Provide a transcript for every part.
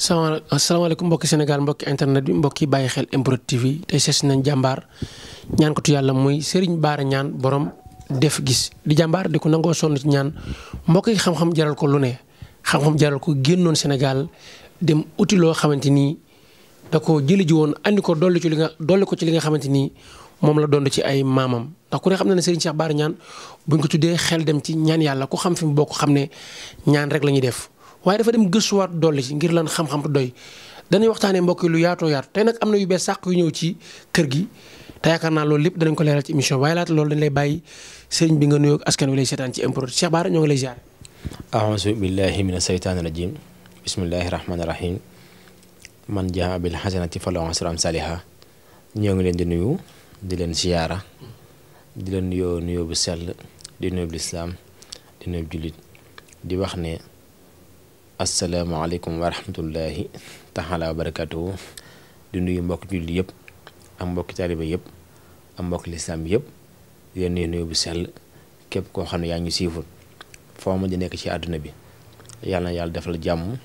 salaamaaleykum mbokki Sénégal mbokki internet bi mbokki bàyyi xel MPROD te tey sees nañ jàmbaar ñaan ko tu yàlla muy Serigne Bara ñaan borom def gis di jàmbaar di ko nangoo sonn ci ñaan mbokk yi xam-xam jaral ko lu ne xam-xam jaral ko génnoon Sénégal dem uti loo xamante ni da ko jëli ji woon andi ko dolli ci li nga dolli ko ci li nga xamante ni moom la doon ci ay maamam ndax ku ne xam ne na ne Serigne Cheikh ñaan Niane buñ ko tuddee xel dem ci ñaan yàlla ku xam fi mu bokk xam ne ñaan rek la ñuy def. waaye dafa dem gëstuwaat dolli ci ngir lan xam-xam doy danañ waxtaanee mbokk yi lu yaatoo yaatu tey nag am na yu bees sàq yu ñëw ci kër gi te yaakaar naa loolu lépp danañ ko leeral ci émission waaye laata loolu dañ lay bàyyi sëriñ bi nga nuyoog askan wi lay seetaan ci improte Cheikh Bara ñoo ngi lay ziar. aouzu billahi mina seytaani rajim bismillahi rahmaani rahim man jaa bil xasanati falaw asram saliha ñoo ngi leen di nuyu di leen ziyaara di leen nuyoo nuyoo bu sell di nuyu bu lislaam di nuyu jullit di wax ne asalaamaaleykum wa rahmatullahi taxala wa barakatuhu di nuyu mbokki julli yëpp ak mbokki taaliba yëpp ak mbokki lislaam yëpp di leen nuyu nuyu bu sell képp koo xam ne yaa ngi siiful foo ma di nekk ci àdduna bi yàlla na yàlla defal jàmm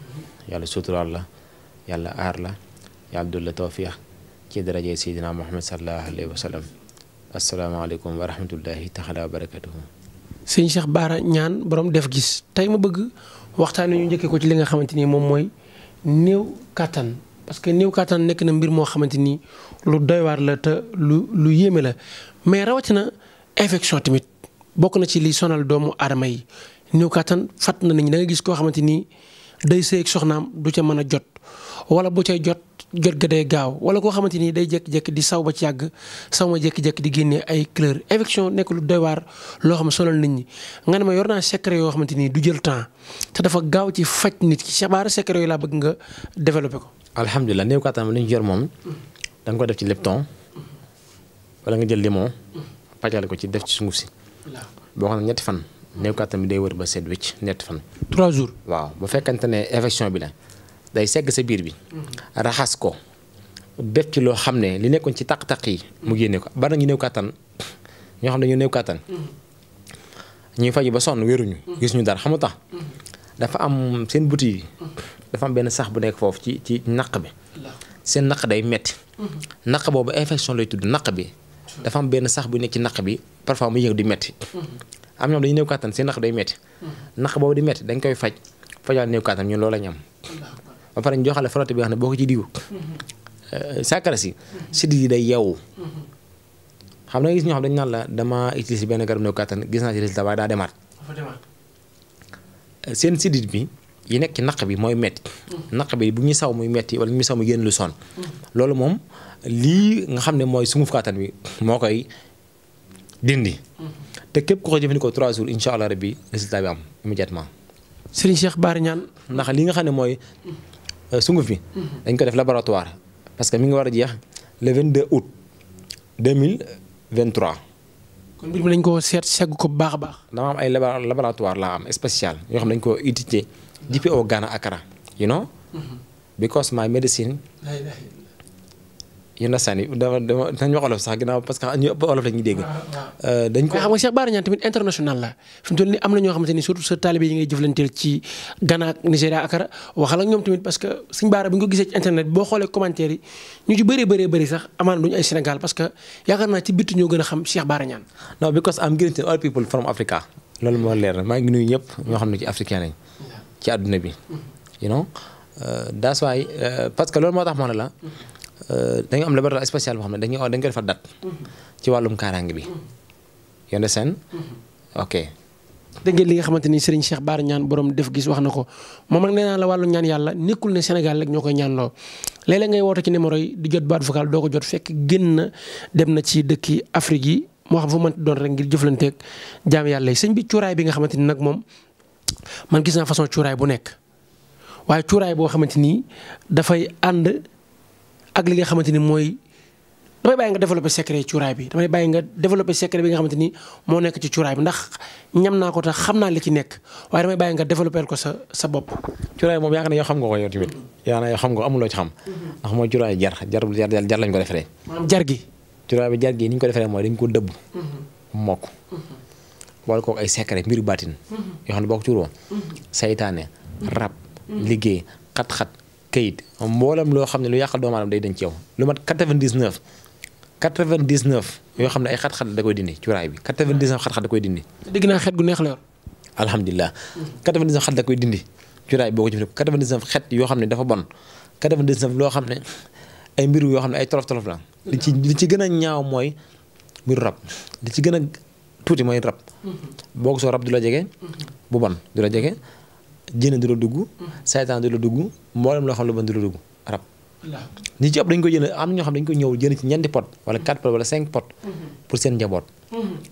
yàlla suturaal la yàlla aar la yàlla dul la tawfiix ci daraje seydina Muhammad sallallahu alayhi wa sallam asalaamaaleykum wa rahmatullahi taxala wa Baara ñaan borom def gis tey ma bëgg waxtaan wi ñu njëkkee ko ci li nga xamante ni moom mooy néew kàttan parce que néew kàttan nekk na mbir moo xamante nii lu doy la te lu lu yéeme la mais rawatina infection tamit bokk na ci li sonal doomu aadama yi néew kàttan fatt na nit ñi da gis koo xamante ni day sëy ak soxnaam du ca mën a jot wala bu cay jot. gërgëdee gaaw wala koo xamante ni day jékki-jékki di saw ba ci yàgg saw ma jékki-jékki di génne ay couleur infection nekk lu doy waar loo xam ne sonal nit ñi nga ne ma yor naa secret yoo xamante ni du jël temps te dafa gaaw ci faj nit ki sabaara secret yooyu laa bëgg nga développé ko. alhamdulilah néew kattan li ñu yor moom danga ko def ci lepton wala nga jël limon pàccale ko ci def ci sunguf si. boo xam ne ñetti fan néew kattan bi day wër ba seet wécc ñetti fan. 3 jours waaw bu fekkente ne infection bi la. day segg sa biir bi raxas ko def ci loo xam ne li nekkoon ci taq-taq yi mu génne ko ba na ñu néew kàttan ñoo xam ne ñu néew kàttan ñuy faju ba sonn wéruñu gis ñu dara xamu tax dafa am seen buti yi dafa am benn sax bu nekk foofu ci ci naq bi seen naq day metti naq boobu infection lay tudd naq bi dafa am benn sax bu nekk ci naq bi parfois mu yëg di metti am ñoom dañu néew kàttan seen naq day metti naq boobu di metti dañ koy faj fajaat néew kàttan ñun loolu am ba pare ñu joxale frotté bi wax ne boo ko ci diw euh, sàkkara si siddi yi day yeewu xam na gis ñoo xam dañu naan la dama utiliser benn garab néew kàttan gis naa ci euh, seen sidit bi yi nekk ci naq bi mooy metti naq bi bu saw muy metti wala bu loolu moom lii nga xam ne mooy sunguf kàttan bi moo koy dindi te képp ku ko jëfandikoo trois jours incha allah rabbi résultat bi am immédiatement Serigne Cheikh Bara Niane ndax li nga xam ne mooy Euh, sunguf bi mhm. dañ ko def laboratoire parce que mi ngi war a jeex le 22 août 2023. kon mbir mi dañ ko seet segg ko bu baax a baax. dama am ay laboratoire laa am spécial yoo xam dañ koo étudier depuis au ah. Ghana Accra you know mhm. because my medicine. yenn saa yi dama dama dinañ wax olof sax que ñu ëpp olof la ñuy dégg. Euh, dañ ko xam nga Cheikh Bara tamit international la fi toll nii am na ñoo xamante ni surtout sa taalibe yi jëflanteel ci Ghana ak Akara waxal ñoom tamit parce que suñu bi nga ko gisee ci internet boo xoolee commentaire yi ñu ci bëree bëree bëri sax amaan duñu ay Sénégal parce que yaakaar naa ci bitti ñoo gën a xam Cheikh Bara Niang. non because I'm greeting all people from Africa. loolu moo leer na maa ngi nuyu ñëpp ñoo xam ne ci africain lañ ci àdduna euh, euh, que loolu moo la Euh, dañu am laboratoire spécial boo xam ne dañuy dañ ko defar dat ci wàllum kaaraange bi yonde seen mm-hmm. ok dégg li nga xamante ni Serigne Cheikh Bara ñaan borom def gis wax na ko moom nag nee naa la wàllu ñaan yàlla nekkul ne Sénégal rek ñoo koy ñaan loo léeg-léeg ngay woote ci numéro yi di jot baat vocal doo ko jot fekk génn na dem na ci dëkki Afrique yi moo xam fu mën doon rek ngir jëflanteeg jaam yàlla yi sëñ bi cuuraay bi nga xamante ni nag moom man gis naa façon cuuraay bu nekk ak li nga xamante ni mooy damay bàyyi nga développé secret cuuraay bi damay bàyyi nga développé secret bi nga xamante ni moo nekk ci cuuraay bi ndax ñam naa ko tax xam naa li ci nekk waaye damay bàyyi nga développé ko sa sa bopp. cuuraay moom yaakaar naa yoo xam nga ko yow tamit yaa na yoo xam nga amuloo ci xam ndax mooy cuuraay jar jar jar jar lañ ko defaree. maanaam jar gi. cuuraay bi jar gi ni ñu ko defaree mooy dañ ko dëbb. Mm-hmm. mokk. Mm-hmm. boole kook ay secret mbiru baatin. Mm-hmm. yoo xam ne boo cuuroo saytaane rab liggéey xat-xat kayit mboolem loo xam ne lu yàqal doomu aadama day dañ ci lu mat yoo xam ne ay xat-xat da koy dindi cuuraay bi 99 xat-xat da koy dindi. dégg naa xet gu neex la yor. alhamdulilah 99 xat da koy dindi cuuraay boo ko jëfandikoo 99 xet yoo xam ne dafa bon 99 loo xam ne ay mbiru yoo xam ne ay tolof tolof la. li ci gën a ñaaw mooy mbiru rab li ci gën a tuuti mooy rab. Mhm. boo soo rab du la jege. Mhm. bu bon du la jege. jënd du la dugg. saytaan du la dugg mboolem loo xam lu bon du la dugg rab. ñi ci ëpp dañ ko jënd am na ñoo xam dañ ko ñëw jënd ci ñeenti pot wala quatre pot wala cinq pot. pour seen njaboot.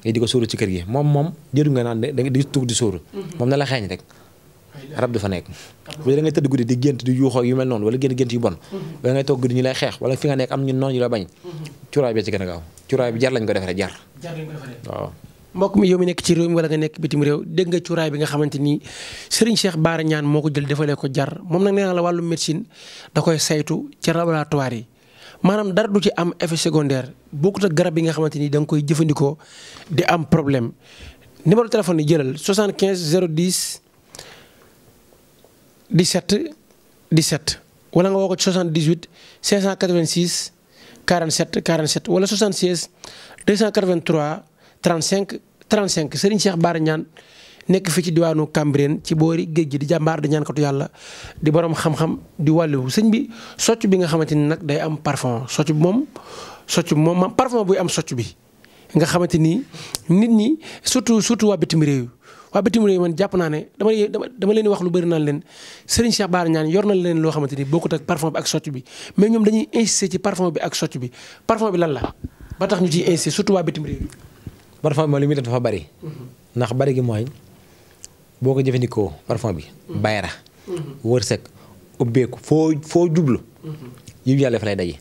di ko sóoru ci kër gi moom moom jëru nga naan da di tugg di sóoru. moom na la xeeñ rek. rab du fa nekk bu dee da ngay tëdd guddi di gént di yuuxoo yu mel noonu wala gént gént yu bon wala ngay toog guddi ñu lay xeex wala fi nga nekk am ñu noonu ñu la bañ cuuraay bi ci gën a gaaw mbokk mi yow mi nekk ci réew mi wala nga nekk bitim réew dégg nga cuuraay bi nga xamante ni Serigne Cheikh Baara Ñaan moo ko jël defalee ko jar moom nag nee na la wàllu médecine da koy saytu ci laboratoire yi maanaam dara du ci am effet secondaire bokkut ak garab yi nga xamante ni danga koy jëfandikoo di am problème numéro téléphone yi jëlal 75 010 17 17 wala nga woo ko ci 78 586 47 47 wala 76 283. cinq 35 35 Serigne Cheikh Bara ñaan nekk fi ci diwaanu Cambérène ci boori géej gi di jàmbaar di ñaankatu yàlla di borom xam-xam di wàllu sëñ bi socc bi nga xamante ni nag day am parfum socc bi moom socc bi moom parfum buy am socc bi. nga xamante ni nit ñi surtout surtout waa bitim réew waa bitim réew man jàpp naa ne dama dama leen wax lu bari naan leen Serigne Cheikh Bara Niane yor na leen loo xamante ni bokkut ak parfum bi ak socc bi mais ñoom dañuy insister ci parfum bi ak socc bi parfum bi lan la ba tax ñu ciy insister waa bitim parfum bi moom li muy dafa bari mm-hmm. ndax bari gi mooy boo ko jëfandikoo parfum bi mm-hmm. bayra mm-hmm. wërsëg ubbeeku foo foo jublu yiw yàlla fa lay daje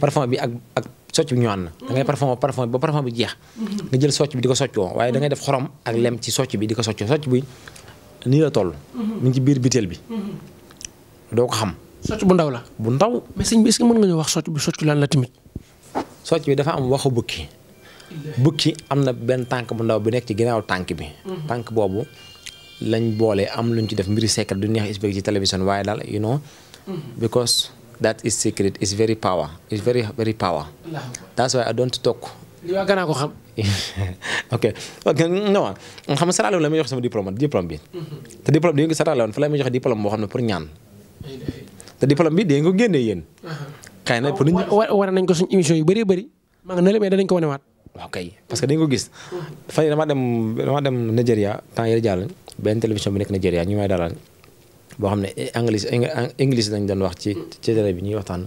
parfum bi ak ak socc bi ñu ànd da ngay parfum parfum ba parfum bi jeex nga jël socc bi di ko soccoo waaye da ngay def xorom ak lem ci socc bi di ko soccoo socc bi nii la toll mu ngi ci biir bitéel bi doo ko xam socc bu ndaw la bu ndaw mais bi est-ce que mën nga ñoo wax socc bi socc lan la tamit socc bi dafa am waxu bukki bukki am na benn tànk bu ndaw bi nekk ci ginnaaw tànk bi. Mhm. tànk boobu lañ boole am luñ ci def mbiri secret du neex expliqué ci télévision waaye daal you know. Mhm. because that is secret is very power is I don't talk. li waa gannaaw ko xam. ok ok non xam nga sarale la may jox sama diplôme diplôme bi. Mhm. te diplôme bi nga ko sarale woon fa la may jox diplôme boo xam ne pour ñaan. te diplôme bi dinañ ko génnee yéen. xëy na pour nit ñi war nañ ko suñ émission yu bëree maa ngi ne la mais danañ ko wanewaat. waaw kay parce que dañ ko gis fan yii damaa dem damaa dem Nigeria temps yële benn télévision bi nekk Nigeria ñu may dalal boo xam ne anglais anglais lañ doon wax ci ci télé bi ñuy waxtaan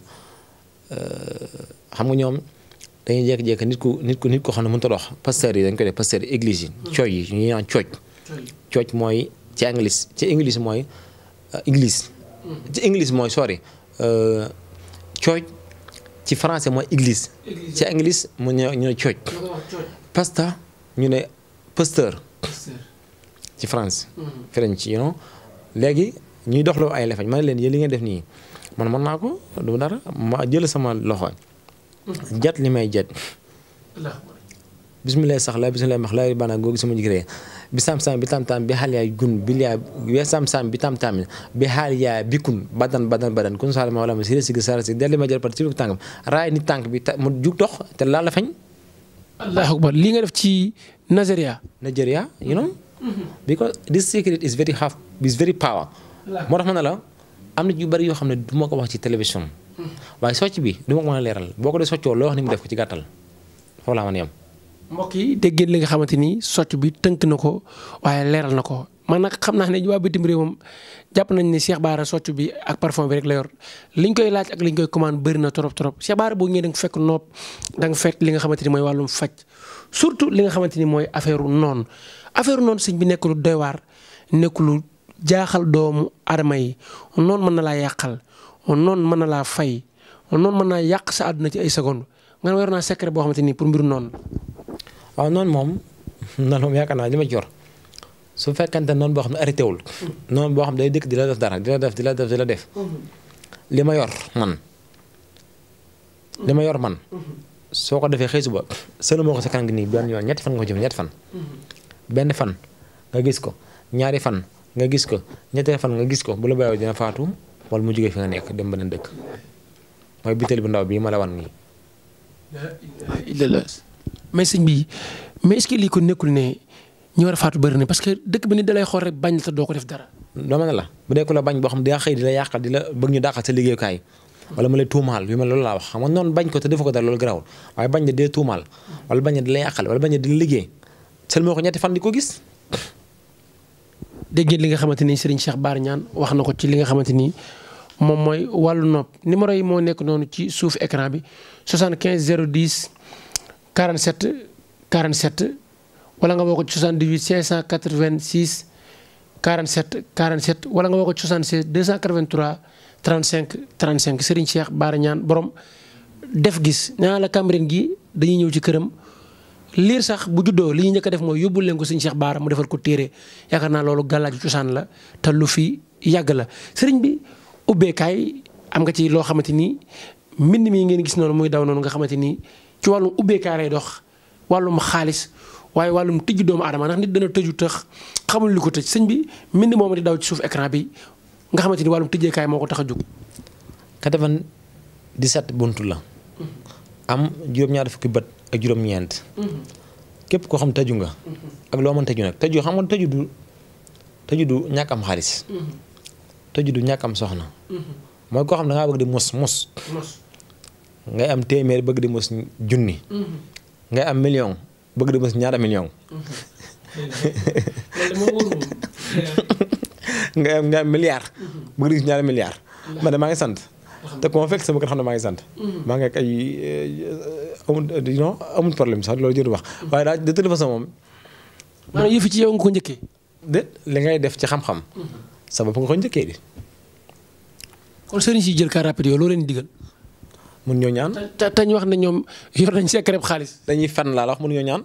xam nga ñoom dañuy jékki-jékki nit ku nit ku ko xam ne mënut a dox pasteur dañ koy def pasteur yi église yi. Mm. cooy yi ñuy mooy ci anglais ci english mooy euh, église. Mm. ci english mooy sorry euh, ci français mooy église. ci anglais mu ñëw ñu ne church. pasta ñu ne pasteur. ci France. Hmm. French you léegi ñuy doxloo ay lefee ma ne leen yéen li ngeen def nii man mën naa ko du dara ma jël sama loxo. Hmm. jat li may jat. bisimilah sax la bisimilah max laay bana googu sama jigéen bi samsam bi tamtam bi hal ya gun bilya bi samsam bi tamtam bi hal ya bikun badan badan badan kun salama wala ma siri sigi sara sigi delli ma jël par ci lu tànkam raay ni tànk bi mu jug dox te laal la fañ. allahu li nga def ci Nigeria. Nigeria you know. Mm-hmm. because this secret is very half is very power. moo tax ma ne la am na yu bari yoo xam ne du ko wax ci télévision. Mm. waaye socc bi du ma ko mën a leeral boo ko dee soccoo loo wax ni mu def ko ci gàttal foofu laa mën a yem mbokk yi dégg li nga xamante ni socc bi tënk na ko waaye leeral na ko man nag xam naa ne waa bitim réew moom jàpp nañ ne Cheikh Bara socc bi ak parfum bi rek la yor liñ koy laaj ak liñ koy commande bari na trop trop Cheikh Bara boo ñëwee da nga fekk nopp da nga fekk li nga xamante ni mooy wàllum faj surtout li nga xamante ni mooy affaire noonu affaire noonu sëñ bi nekk lu doy waar nekk lu jaaxal doomu adama yi noonu mën na laa yàqal noonu mën na laa fay noonu mën naa yàq sa àdduna ci ay seconde nga ne war naa secret boo xamante ni pour mbiru noonu. waaw noonu moom noonu moom yaakaar naa li ma ci yor su fekkente noonu boo xam ne arrêté wul. noonu boo xam ne day dëkk di la def dara di la def di la def mm-hmm. li ma yor man. Mm-hmm. li ma yor man. Mm-hmm. soo ko defee xëy suba sëna moo ko sa kanam gi nii benn yoon ñetti fan nga ko jëf ñetti fan. benn fan nga gis ko ñaari fan nga gis ko ñetti fan nga gis ko bu la bàyyoo dina faatu wala mu jógee fi nga nekk dem beneen dëkk mooy bitéel bu ndaw bii ma la nii. mais sëñ bi mais est-ce ko nekkul ne ñu war a faatu bëri na parce que dëkk bi ni dalay xool rek bañ la te doo ko def dara. dama ne la mu dee ku la bañ boo xam ne daa di la yàqal di la bëgg ñu dàqal sa liggéeyukaay wala ma lay tuumaal laa wax xam nga noonu bañ ko te defu ko dara loolu waaye bañ ne dee tuumaal wala bañ ne di la yàqal liggéey sel moo ko ñetti fan di ko gis. dégg ngeen li nga xamante ni Serigne Cheikh Bara Niane wax na ko ci li nga xamante ni moom mooy wàllu nopp numéro yi moo nekk noonu ci suuf écran bi 75 010 47 47 wala nga woo ko ci 78 586 47 47 wala nga woo ko ci 76 283 35 35 Serigne Cheikh Bara Niane borom def gis nee la Cambérène gi dañuy ñëw ci këram liir sax bu juddoo li ñuy njëkk def mooy yóbbul leen ko Serigne Cheikh Bara mu defal ko téere yaakaar naa loolu gàllaaju cosaan la te lu fi yàgg la seriñ bi ubbeekaay am nga ci loo xamante ni mbind mii ngeen gis noonu muy daw noonu nga xamante ni. ci wàllu ubbeekaay lay dox wàllum xaalis waaye wàllum tëj doomu aadama ndax nit dana tëju tax xamul li ko tëj sëñ bi mbind moom di daw ci suuf écran bi nga xamante ni wàllum tëjee kaay moo ko tax a jóg. 97 buntu la. am juróom-ñaar fukki ak juróom-ñeent. koo xam tëju nga. ak loo mën tëju nag tëju xam nga tëju du tëju ñàkk am xaalis. tëju du ñàkk am soxna. Mm-hmm. mooy koo xam da bëgg di mos mos. ngay am téeméer bëgg di mos junni mm-hmm. ngay am million bëgg di mos ñaara million mm-hmm. ngay am ngay mm-hmm. bëgg di mos ñaara milliard man de maa ngi sant te ku ma fekk sama kër xam maa ngi sant maa ngi ak ay eh, eh, problème sax loolu jëru wax waaye daal de toute façon moom maanaam yëfi ci yow nga ko njëkkee de li ngay def ci xam-xam sa bopp nga ko njëkkee di kon sëriñ si jël car rapide yooyu loo leen mun ñoo ñaan. te te ñu wax ne ñoom yor nañ secret xaalis. dañuy fen laa la wax mun ñoo ñaan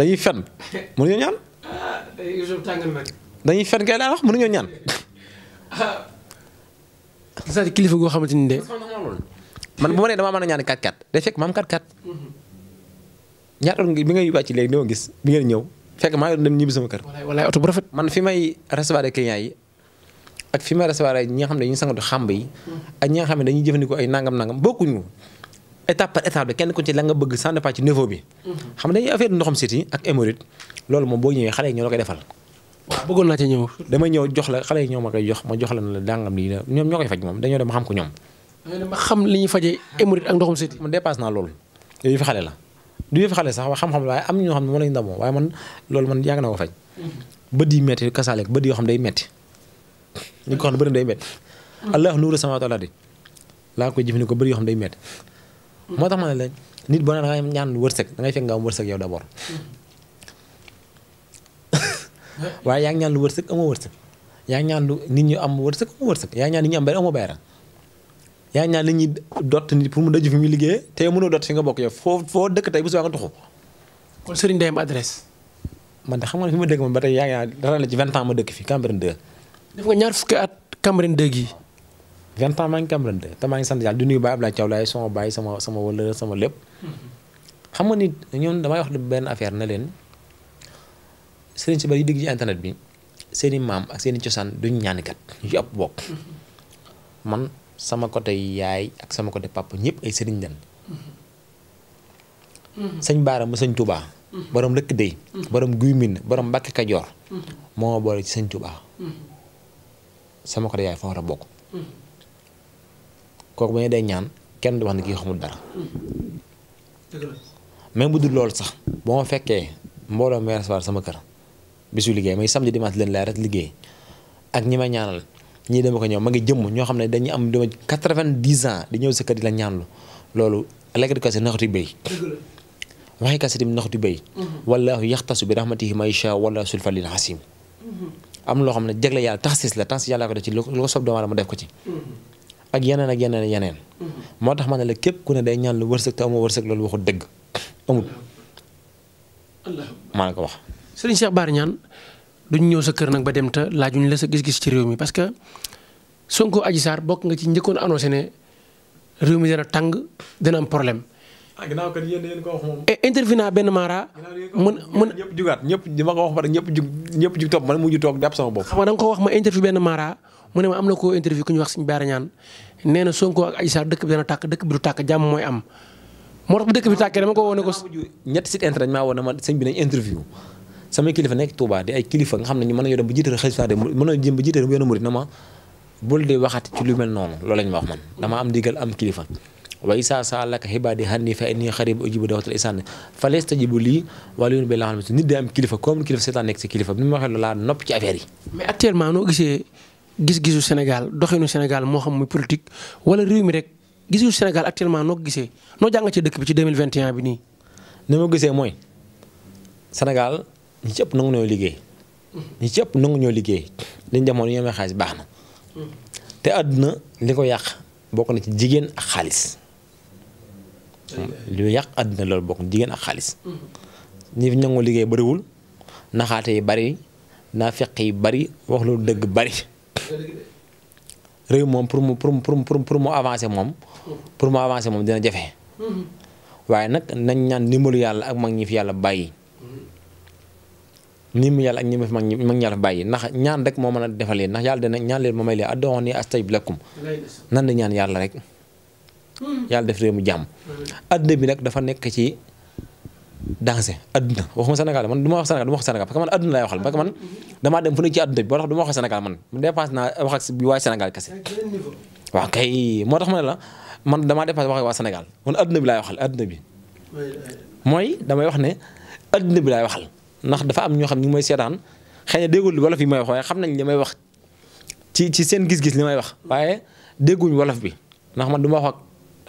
dañuy fen mun ñoo ñaan. dañuy fen kay laa wax mun ñoo ñaan. c'est-à-dire kilifa goo xamante ni de. man bu ma nee damaa mën a ñaan 4-4 day fekk ma am 4-4. ñaata bi ngay wàcc léegi doo gis bi ngeen ñëw fekk maa ngi doon dem ñibbi sama kër. ak fi ma recevoir ay ñi nga xam ne dañuy sangatu xàmb yi ak ñi xam ne dañuy jëfandikoo ay nangam-nangam bokkuñu étape par étape kenn ku ci la nga bëgg sans départ ci niveau bi. xam nga dañuy affaire ndoxam siti ak la koy yi ñoo ma koy ma la la dangam lii la ñoom ñoo koy faj moom dañoo dem ma xam ko ñoom. ma xam li ñuy fajee naa loolu yooyu fi xale la du yëfi xale sax waaye xam-xam waaye am ñoo xam ne moom a ñu ndamoo waaye man loolu man yàgg na ko faj. Mm-hmm. bët yi metti kasaaleeg bët yoo xam day metti ni ko xam ne bëri day métti allah nuuru samaawaati wal ardi laa koy jëfandikoo bëri yoo xam day métti moo tax ma ne nit boo nee da ngay ñaan wërsëg da ngay fekk nga am wërsëg yow d'abord waaye yaa yaa ñaan lu nit ñu am wërsëg amoo wërsëg yaa ngi ñaan nit ñaan nit ñi dott nit fi muy liggéeyee te mënoo dott fi nga bokk yow foo foo dëkk tey bu subaa nga tuxu kon sëriñ day am adresse man de xam nga fi ma dëkk moom ba tey yaa ngi dara la ci ma dëkk fi Cambérène 2 def nga ñaar fukki at Cambérène 2 gi. vingt am maa ngi Cambérène 2 te maa ngi sant yàlla di nuyu Baye laay sama baay sama sama wala sama lépp. xam nga nit ñoom damay wax benn affaire ne leen sëriñ si bari yu dégg ci internet bi seeni maam ak seeni cosaan duñ ñaanikat yu ab bokk. man sama côté yaay ak sama côté papa ñëpp ay sëriñ lañ. sëñ Baara mu sëñ Touba. borom lëkk dey borom guy min borom Mbàkke Kajoor. moo boole ci sëñ Touba. sama côté yaay fa war bokk. kooku ba ñu day ñaan kenn du wax ne kii xamul dara. même bu dul loolu sax boo ma fekkee mbooloo may recevoir sama kër bisu liggéey may samedi dimanche leen lay rek liggéey ak ñi ma ñaanal ñi dama ko ñëw ma ngi jëmm ñoo xam ne dañuy am dama quatre-vingt-dix ans di ñëw sa kër di la ñaanlu loolu lekk kasi naxatu béy waxi kasi tamit naxatu béy mm-hmm. wallaahu yaxtasu bi rahmatihi may sha wala sulfa lil am loo xam ne jagle yàlla tax taxsis la taxsis yàlla ko def ci lu ko sob doomu aadama def ko ci mm-hmm. ak yeneen ak yeneen yeneen mm-hmm. moo tax ma ne la képp ku ne day ñaan lu wërsëg te amoo wërsëg loolu waxul dëgg amul maa ngi ko wax Serigne Cheikh baar Niane duñ ñëw sa kër nag ba dem te laajuñ la sa gis-gis ci réew mi parce que ko aji saar bokk nga ci njëkkoon annoncé ne réew mi dana tàng dana am problème ah ginnaaw kat yéen yéen ko wax moom. Eh, intervenant benn mara. mën mën ñëpp jugaat ñëpp di ma ko wax ba ñëpp jug ñëpp jug topp man mujj toog jàpp sama bopp. xam nga da nga ko wax ma interview benn mara mu ne ma am na koo interview ku ñu wax suñu baara ñaan dëkk bi tàkk dëkk bi du tàkk jàmm mooy am moo tax bu dëkk bi tàkkee ko woon ne ko. ñetti site internet maa woon na ma sëñ kilifa nekk Touba di ay nga xam ne ñu mën a yor ba saa de mën na jëm ba jiite yoonu murit na ma bul ma wax man dama am digal am kilifa wa isa saalaka xibaadi hanni fa inni xarib ujibu dawtal isaan fa lastajibu lii wala yoon bi la xam nit day am kilifa comme kilifa seetaan nekk si kilifa bi ma waxee laa nopp ci affaire yi. mais actuellement noo gisee gis-gisu Sénégal doxinu Sénégal moo xam muy politique wala réew mi rek gis-gisu Sénégal actuellement noo gisee noo jàng ci dëkk bi ci 2021 bi nii. ni ma gisee mooy Sénégal ñu cëpp ëpp nangu ñoo liggéey. ñi ci ëpp ñoo liggéey liñ demoon ñu amee xaalis baax na. Mm. àdduna li ko yàq bokk na ci jigéen ak xaalis. li yàq àddina loolu bokk jigéen ak xaalis ñi fi ñangu liggéey bariwul naxaate yi bari naa feq yi bari wax lu dëgg bari réew moom pour mu pour mu pour mu avancer moom pour mu avancer moom dina jafe waaye nag nañ ñaan ndimbalu yàlla ak mag ñi fi yàlla bàyyi ni mu yàlla ak ñi ma fi mag ñi mag ñi yàlla bàyyi ndax ñaan rek moo mën a defal leen yàlla dina ñaan leen ma may leen addoon ni astajib lakum nan di ñaan yàlla rek yàlla def réew mu jàmm. adduna bi nag dafa nekk ci danger adduna waxuma Sénégal man du ma wax Sénégal du ma wax Sénégal parce que man adduna laay waxal parce que man damaa dem fu ne ci adduna bi boo tax du wax ak bi waa moo tax ma la man damaa dépasse wax ak waa Sénégal man bi laay waxal adduna bi. mooy damay wax ne adduna bi laay waxal ndax dafa am ñoo xam ñu ngi may seetaan xëy na déggul wolof yi may wax waaye xam may wax ci ci seen gis-gis li wolof bi ndax man du wax ak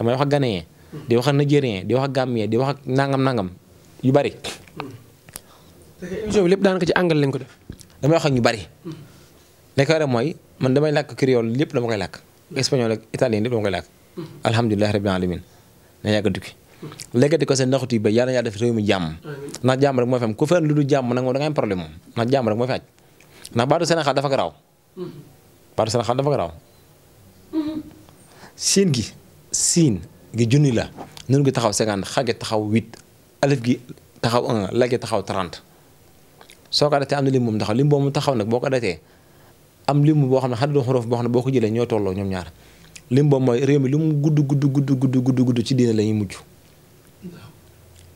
damay wax ak ghanéen di wax ak nigérien di wax ak di wax nangam nangam yu bari. émission bi lépp daanaka ci anglais lañ ko def. damay wax ak ñu bari. li ko mooy man damay làkk créole lépp dama koy làkk. espagnol ak italien lépp dama koy làkk. alhamdulilah rabbil alamin na yàgg a tukki. lékkati ko seen ndaxut yi ba yàlla yàlla def réew mi jàmm. ndax jàmm rek moo fi am ku fenn lu dul jàmm nag moom da nga am problème moom ndax rek moo fi aj ndax baatu Sénégal dafa garaaw. Mm-hmm. baatu Sénégal dafa garaaw. Mm-hmm. seen gi. siin gi junni la nun gi taxaw cinquante xage taxaw huit alif gi taxaw un taxaw trent soo ko adatee am na lim moom taxaw lim boobu mu taxaw nag boo ko adatee am lim boo xam ne xaddu xuruf boo xam ne boo ko jëlee ñoo tolloo ñoom ñaar lim boobu mooy réew mi lu mu gudd gudd gudd gudd gudd gudd ci diine la ñuy mujj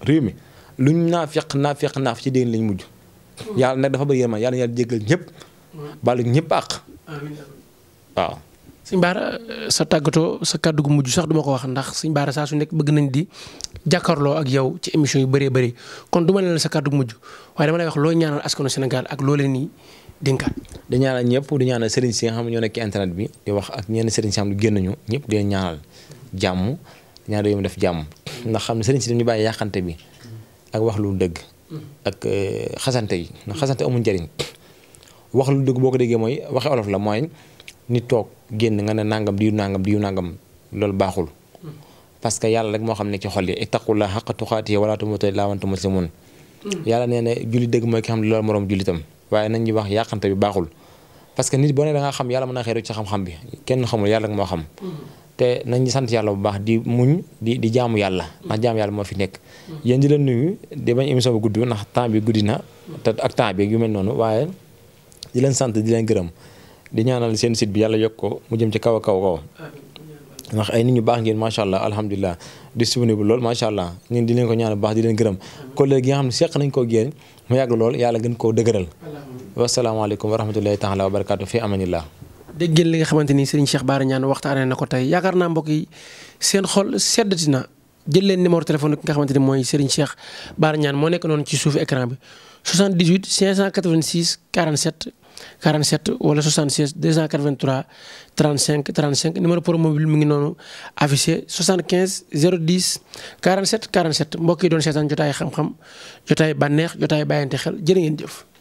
réew mi luñ naafiq naafiq naaf ci diine la ñuy mujj yàlla nag dafa bëri yërmande yàlla yàlla jéggal ñëpp baalu ñëpp àq sëñ Baara sa tàggatoo sa kàddu gu mujj sax duma ko wax ndax sëñ Baara saa su nekk bëgg nañ di jàkkaarloo ak yow ci émission yu bëree bëri kon du ma leen sa kàddu gu mujj waaye dama lay wax loo ñaanal askanu Sénégal ak loo leen nii dénkaat. di ñaanal ñëpp di ñaanal sëriñ si nga xam ne ñoo nekk bi di wax ak ñenn sëriñ si génn ñu ñëpp di leen jàmm di ñaanal yow def jàmm ndax xam ne sëriñ si dañu bàyyi yàqante bi ak wax lu dëgg. ak euh, xasante yi ndax xasante amul njariñ wax lu dëgg boo ko déggee mooy waxe olof la mooy nit toog génn nga ne nangam diw nangam diw nangam loolu baaxul. parce que yàlla rek moo xam ne ci xol yi ittaqullaha haqqa tuqaatihi wa laa tamuutunna illaa wa antum muslimuun yàlla nee na julli dëgg mooy ki xam ne loolu moroom jullitam waaye nañ ñu wax yàqante bi baaxul. parce que nit boo ne da xam yàlla mën naa xëy ci xam-xam kenn xamul yàlla moo xam. te nañ sant yàlla bu baax di muñ di di jaamu yàlla. ndax jaamu yàlla moo fi nekk. yéen di leen nuyu di bañ émission bu gudd ndax temps bi guddi na. te ak temps bi yu mel noonu waaye di leen sant di leen gërëm di ñaanal seen site bi yàlla yokk ko mu jëm ci kaw a kaw kaw ndax ay nit ñu baax ngeen macha allah alhamdulilah disponible lool macha allah ñun di leen ko ñaanal baax di leen gërëm collègue yi xam ne seq nañ koo génn mu yàgg lool yàlla gën koo dëgëral wasalaamaaleykum wa rahmatullahi taala wa barakatu fi amanillah dégg nga xamante ni Serigne Cheikh Bara Niane waxtaanee na ko tey yaakaar naa mbokk seen xol seddati na jël leen numéro téléphone nga xamante ni mooy Serigne Cheikh Bara Niane moo nekk noonu ci suufu écran 47 wala 76 283 35 35 numéro promobile mu ngi noonu affiché 75 010 47 47 mbokk yi doon seetaan jotaay xam-xam jotaay bànneex jotaay bàyyante xel jërë ngeen jëf.